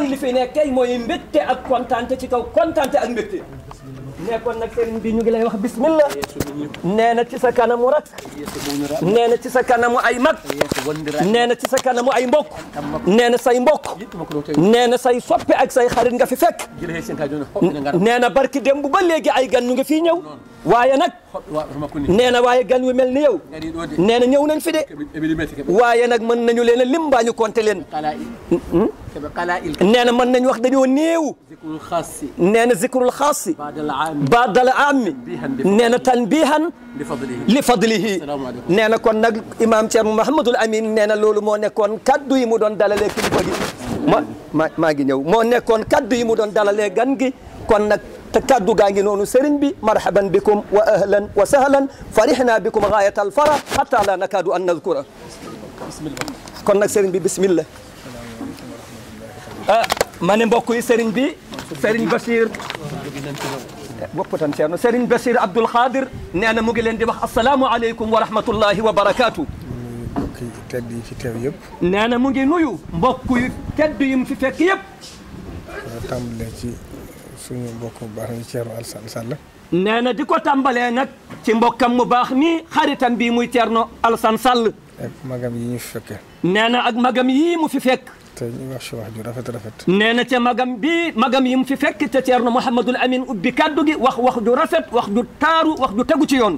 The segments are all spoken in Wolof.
kon li fi nekk tey mooy mbégte ak kontaante ci kaw kontaante ak kon nag ñu ngi lay wax bismillah nee na ci sa kanamu rak nee na ci sa kanamu ay mag nee na ci sa kanamu ay mbokk nee na say mbokk nee na say soppe ak say xarit nga fi fekk nee na barki démb ba léegi ay gan ñu nga fii ñëw waaye nag nee na waaye gan wi mel ni yow nee na ñëw nañ fi de waaye nag mën nañu leen a lim mbaa ñu compter leen nee na mën nañ wax dañoo néew. nee na zikrul xaasi. baadal aami. nee na tanbihan li fadlihi. nee na kon nag imaam Thierno Mouhamadul Amin nee na loolu moo nekkoon kaddu yi mu doon dalalee kilifa gi. ma ma maa ngi ñëw moo nekkoon kaddu yi mu doon dalalee gan gi kon nag. te kaddu gaa ngi noonu sëriñ bi marhaban bikum wa ahlan wa sahlan farihna bikum gaayat alfara xata la nakaadu an nadkura kon nag sëriñ bi bismillah Ah, ma ne mbokk yi Serigne bi Serigne Bachir bopp tan Ceerno Serigne Bachir Abdoul Khadir nee na mu ngi leen di wax asalaamualeykum wa rahmatullahi wa barakaatu. tedd yi fi teew yëpp. nee mu ngi nuyu. mbokk yu tedd yi mu fi fekk yëpp. di ko tàmbalee ci mu baax mi Thierno Alassane Sall. nee na di ko tàmbalee nag ci mbokkam mu baax mi xaritam bii muy Thierno Alassane Sall. ak magam yi ñu fi fekke nee na ak magam yii mu fi fekk te ñu wax si wax ju rafet rafet nee na te magam bi magam yi mu fi fekk te Ceerno Mouhamadul Amin ubbi kaddu gi wax wax ju rafet wax ju taaru wax ju tegu ci yoon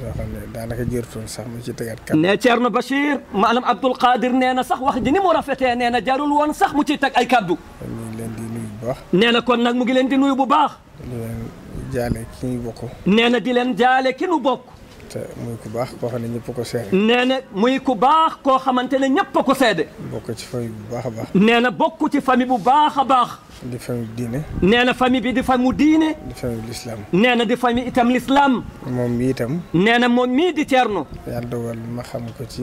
yoo xam ne daanaka jërtoon sax mu ci tegaat kaddu ne Ceerno Bachir maanaam Abdoul Qadir nee na sax wax ji ni mu rafetee nee na jarul woon sax mu ciy teg ay kaddu ñu ngi leen di nuyu bu baax nee na kon nag mu ngi leen di nuyu bu baax di leen jaale ki ñu bokk nee na di leen jaale ki ñu bokk te muy ku baax koo xam ne ñëpp ko seede. nee na muy ku baax koo xamante ne ñëpp a ko seede. bokk ci famille bu baax a baax. nee na bokk ci famille bu baax a baax. di famille diine. nee na famille bi di famille mu diine. di famille l'islam. nee na di famille itam l'islam. moom mi itam. nee na moom mii di Thierno. yàlla dogal ma xam ko ci.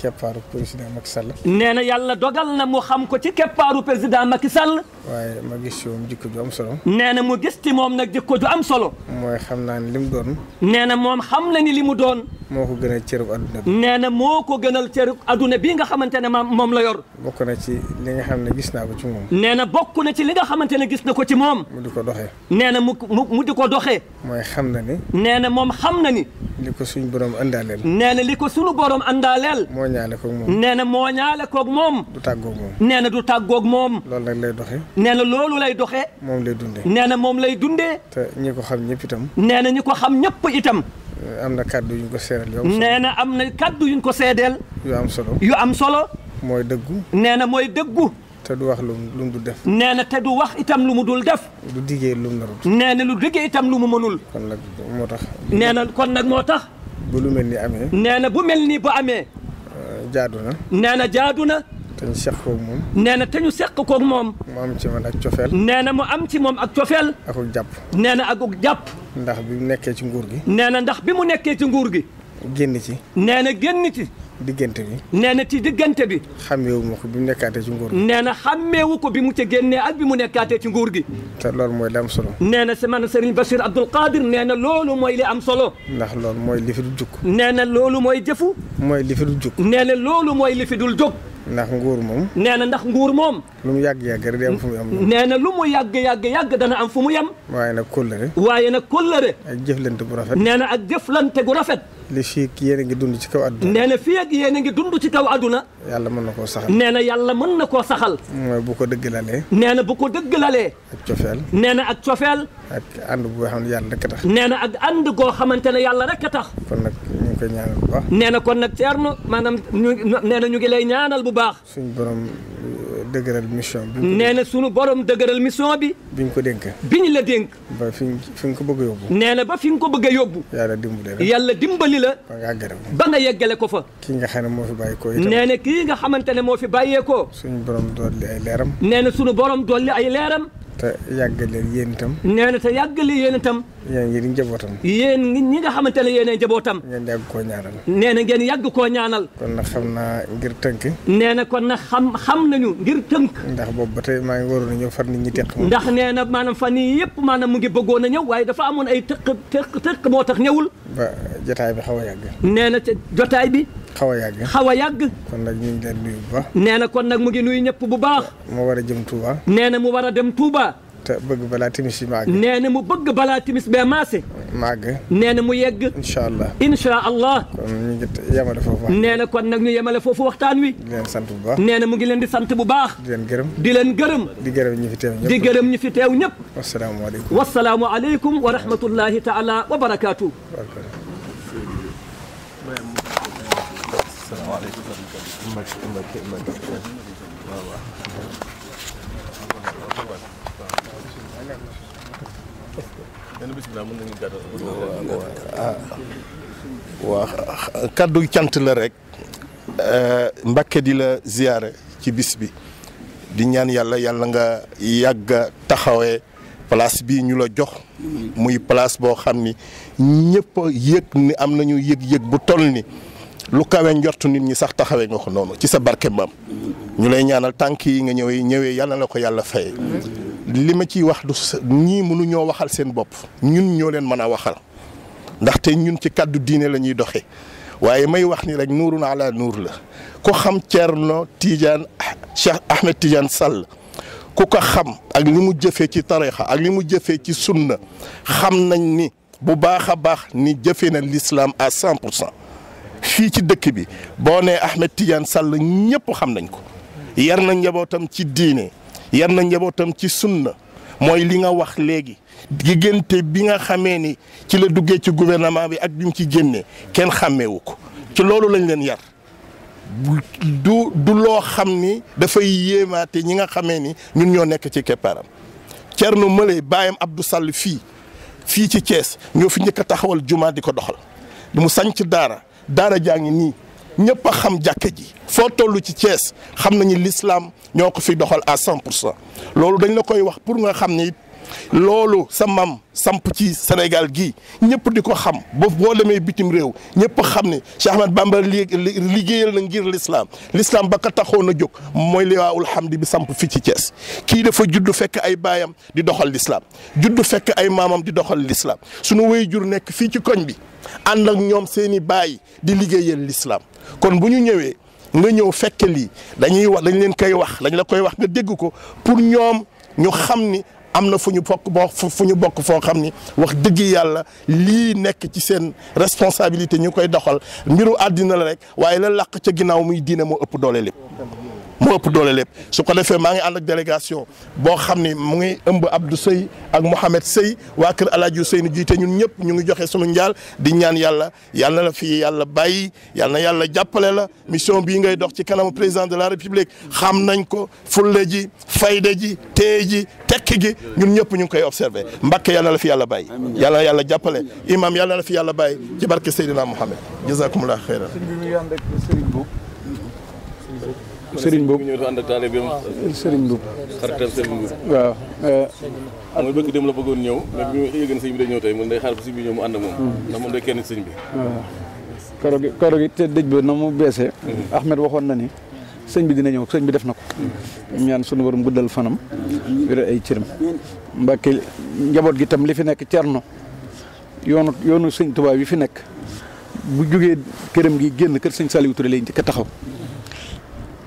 keppaaru président Macky Sall. nee na yàlla na mu xam ko ci keppaaru président Macky Sall. waaye ma gis ci moom jikko ju am solo. nee na mu gis ci moom nag jikko ju am solo. mooy xam naa ne doon. nee na moom xam na ni li mu doon. moo ko gënal cere adduna nee na moo ko gënal cërub adduna bii nga xamante ne maam moom la yor. bokk na ci li nga xam ne gis naa ko ci moom. nee na bokk na ci li nga xamante ne gis na ko ci moom. mu di ko doxee. nee na mu mu mu di ko doxee. mooy xam na ni. nee na moom xam na ni. li ko suñu borom àndaaleel. nee na li ko suñu borom àndaaleel. moo ñaale koog moom. nee na moo ñaale koog moom. du tàggoog moom. nee na du tàggoog moom. loolu nag lay doxee. nee na loolu lay doxee. moom lay dundee. nee na moom lay dundee. te ñi ko xam ñëpp itam. nee na ñi ko xam ñëpp itam Eh, am na kàddu yu ñu ko seedeel. nee na am na kàddu yu ñu ko seedeel. yu am solo yu am solo. mooy dëggu. nee na mooy dëggu. te du wax lu mu du def. nee na te du wax itam lu mu dul def. du diggee lu mu narut. nee na lu diggee itam lu mu mënul. kon nag moo tax. nee na kon nag moo tax. bu lu mel ni amee. nee na bu mel nii bu amee. Eh, jaadu na. nee na. te seq koog moom. nee na te ñu seq koog moom. mu am ci man ak cofeel. nee na mu am ci moom ak cofeel. akug jàpp. nee na akug jàpp. ndax bi mu nekkee ci nguur gi. nee na ndax mu nekkee ci nguur gi. génn ci. nee na ci. diggante bi. nee na ci diggante bi. xàmmeewu ma ko bi mu nekkaatee ci nguur gi. nee na xàmmeewu ko bi mu ca génnee ak bi mu nekkaatee ci nguur gi. te loolu mooy li am solo. nee na si man Serigne Bachir Abdoul Qadir nee na loolu mooy li am solo. ndax loolu mooy li fi dul jug. nee loolu mooy jëfu. mooy li fi dul jug. nee na loolu mooy li fi dul jug. ndax nguur moom. nee na ndax moom. lu mu yàgg yàgg rek fu mu yem. nee na lu mu yàgg yàgg yàgg dana am fu mu yem. waaye nag kóllëre. waaye nag kóllëre. jëflante bu rafet. nee na ak jëflante gu rafet. li fii ak yéen a ngi dund ci kaw àdduna. nee na fii ak yéen a ngi dund ci kaw àdduna. yàlla mën na koo saxal. nee na yàlla mën na koo saxal. mooy bu ko dëgglalee. nee na bu ko dëgglalee. ak cofeel. nee na ak cofeel. ak ànd boo xam ne yàlla rek a tax. nee na ak ànd goo xamante ne yàlla rek a tax. kon nag ñu ngi koy ñaanal bu baax. nee na kon nag Thierno maanaam ñu nee na ñu ngi lay ñaanal bu baax. suñu borom. dëgëral mission bi. nee na sunu borom dëgëral mission bi. biñ ko dénk. biñ la dénk. ba fi nga ko bëgg a nee na ba fi nga ko bëgg a yóbbu. yàlla dimbali yàlla dimbali la. ba nga àggale ko ba nga yeggale ko fa. kii nga xam ne moo fi bàyyeekoo itam. nee na kii nga xamante ne moo fi bàyyeekoo. suñu borom dolli ay leeram. nee na sunu borom dolli ay leeram. te yàggaleen yéen itam. nee na te yàggale yéen itam. yéen ngi di njabootam. yéen ñi nga xamante ne yéenay njabootam. ngeen yàgg koo ñaanal. nee na ngeen yàgg koo ñaanal. kon na xam naa ngir tënk. nee na kon na xam xam nañu ngir tënk. ndax boobu ba maa ngi waroon a ñëw far nit ñi teq. ndax nee na maanaam fan yii yëpp maanaam mu ngi bëggoon a ñëw waaye dafa amoon ay tëq tëq tëq moo tax ñawul ba jotaay bi xaw a yàgg. nee na jotaay bi. xaw a yàgg. xaw a yàgg. kon nag ñu ngi leen nee na kon nag mu ngi ñëpp bu baax. mu war a jëm Touba. nee na mu war a dem Touba. te balaa timis yi nee na mu bëgg balaa timis bee maase. maag. nee na mu yegg. incha allah incha allah. kon ñu ngi yemale foofu. nee na kon nag yemale foofu waxtaan wi. di sant bu baax. nee na mu ngi leen di sant bu baax. di leen gërëm. di leen gërëm. di gërëm ñi fi teew ñëpp. di gërëm ñi fi teew ñëpp. wasalaamualeykum. wasalaamualeykum wa rahmatullahi taala wa barakaatu. Mbacke Mbacke Mbacke waaw waaw. cant la rek. Eh, Mbacke di la ziyaare ci bis bi. di ñaan yàlla yàlla nga yàgg taxawee place bii ñu la jox muy place boo xam ni ñëpp yëg ni am nañu yëg-yëg bu toll ni lu kawe njortu nit ñi sax taxawee nga ko noonu ci sa barke maam ñu lay ñaanal tànk yi nga ñëwee ñëwee yal na la ko yàlla fay li ma ciy wax du ñii mënu ñoo waxal seen bopp ñun ñoo leen mën a waxal ndaxte ñun ci kàddu diine la ñuy doxee waaye may wax ni rek naa la nuur la ku xam Thierno Tidiane Cheikh Ahmed Tidiane Sall ku ko xam ak li mu jëfee ci tarixa ak li mu jëfee ci sunna xam nañ ni bu baax a baax ni jëfee na l'islam à cent pour cent fii ci dëkk bi boo nee Ahmed Tidiane Sall ñëpp xam nañ ko yar na njabootam ci diine yar na njabootam ci sunna mooy li nga wax léegi diggante bi nga xamee ni ci la duggee ci gouvernement bi ak bi mu ci génnee kenn xàmmeewu ko ci loolu lañ leen yar du loo xam ni dafay yéemaate ñi nga xamee ni ñun ñoo nekk ci keppaaram nu Mële baayam Abdou Sall fii fii ci cees ñoo fi njëkk a taxawal jumaa di ko doxal mu sanc daara daara jaa ngi nii ñëpp a xam jàkke ji foo toll ci Thiès xam nañu lislaam ñoo ko fi doxal à cent pour loolu dañ la koy wax pour nga xam ni loolu sa maam samp ci Sénégal gii ñëpp di ko xam ba boo demee bitim réew ñëpp xam ne Cheikh Ahmed Bamba liggéeyal na ngir l'islam l'islam ba ka taxoon a jóg mooy liwaawul hamdi bi samp fii ci Thiès kii dafa judd fekk ay baayam di doxal l'islam judd fekk ay maamam di doxal lislaam l'islam sunu waajur nekk fii ci koñ bi ànd ak ñoom seeni baay di liggéeyal lislaam kon bu ñu ñëwee nga ñëw fekk lii dañuy wax dañ leen koy wax dañ la koy wax nga dégg ko pour ñoom ñu xam ni am na fu ñu bokk boo fu ñu bokk foo xam ni wax dëgg yàlla lii nekk ci seen responsabilité ñu koy doxal mbiru àddina la rek waaye la làq ca ginnaaw muy diine moo ëpp doole lépp. moo ëpp doole lépp su ko defee maa ngi ànd ak délégation boo xam ni mu ngi ëmb Abdou Sey ak Mouhamed Sey waa kër El Hadj Ousseynou jiite ñun ñëpp ñu ngi joxe sunu njaal di ñaan yàlla yal na la yàlla bàyyi yal na yàlla jàppale la mission bii ngay dox ci kanamu président de la république xam nañ ko fulle ji fayda ji ji. Mbàkke gi ñun ñëpp ñu ngi koy observé Mbàkke yàlla la fi yàlla bàyyi yàlla yàlla jàppale imam yàlla la fi yàlla bàyyi ci barke Seydina Mouhamed jazakumullah xeyran Sëriñ Mbuub Sëriñ Mbuub xaritam Sëriñ Mbuub waaw euh, mooy bëgg dem la bëggoon ñëw mais bi ma yëgën sëñ bi day ñëw tey mun day xaar ba sëñ bi ñëw mu ànd ak moom hmm. ndax moom day kenn sëñ bi hmm. waaw koro gi koro gi te dëj ba na mu beesee hmm. Ahmed waxoon na ni sëñ bi dina ñëw sëñ bi def na ko mm. ñaan sunu borom guddal fanam wéral ay cëram mbàkke njaboot gi tam li fi nekk cerno yoonu yoonu sëñ tubaab yi fi nekk bu jógee këram gi génn kër sëñ Saliou Touré lay njëkk a taxaw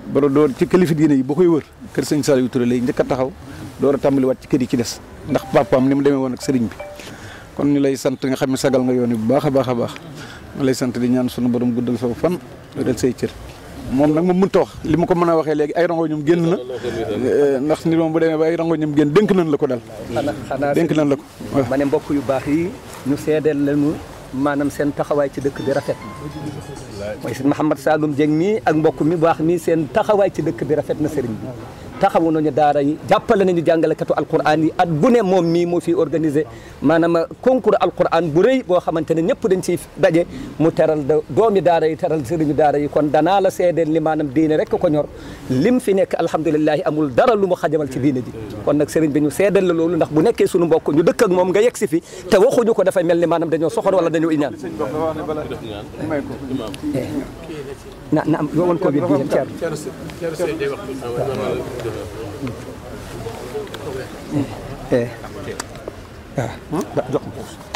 bara door ci kilifa diine yi boo koy wër kër sëñ Saliou Touré lay njëkk a taxaw door a ci kër yi ci des ndax papaam ni mu demee woon ak sëriñ bi kon ñu lay sant nga xam ne sagal nga yoon yi bu baax a baax a baax nga lay sant di ñaan sunu borom guddal sa fan wéral say cër moom nag moom mënta wax li ma ko mën a waxee léegi ay rango ñoom génn na eh, ndax nit moom bu demee ba ay rango ñoom génn dénk nañ la ko daal dénk nañ la ko ma ne mbokk yu baax yi ñu seedeel lañu maanaam seen taxawaay ci dëkk bi rafet mooy sëñ Mouhamed Saloum Dieng mi ak mbokk mi baax mi seen taxawaay ci dëkk bi rafet na sëriñ bi taxawu nañu daara yi jàppale nañu jàngalekatu alquran yi at bu moom mii moo fi organisé maanaam concours alquran bu rëy boo xamante ne ñëpp dañ ciy daje mu teral doomi daara yi teral sëriñu daara yi kon danaa la seedeel li maanaam diine rek ko ñor lim fi nekk alhamdulilahi amul dara lu mu xajamal ci diine ji kon nag sëriñ bi ñu seedeel la loolu ndax bu nekkee suñu mbokk ñu dëkk ak moom nga yegg si fi te waxuñu ko dafay mel ni maanaam dañoo soxor wala dañoo iñaan na na am woon ko bi biir Thierno. Thierno waaw jox ma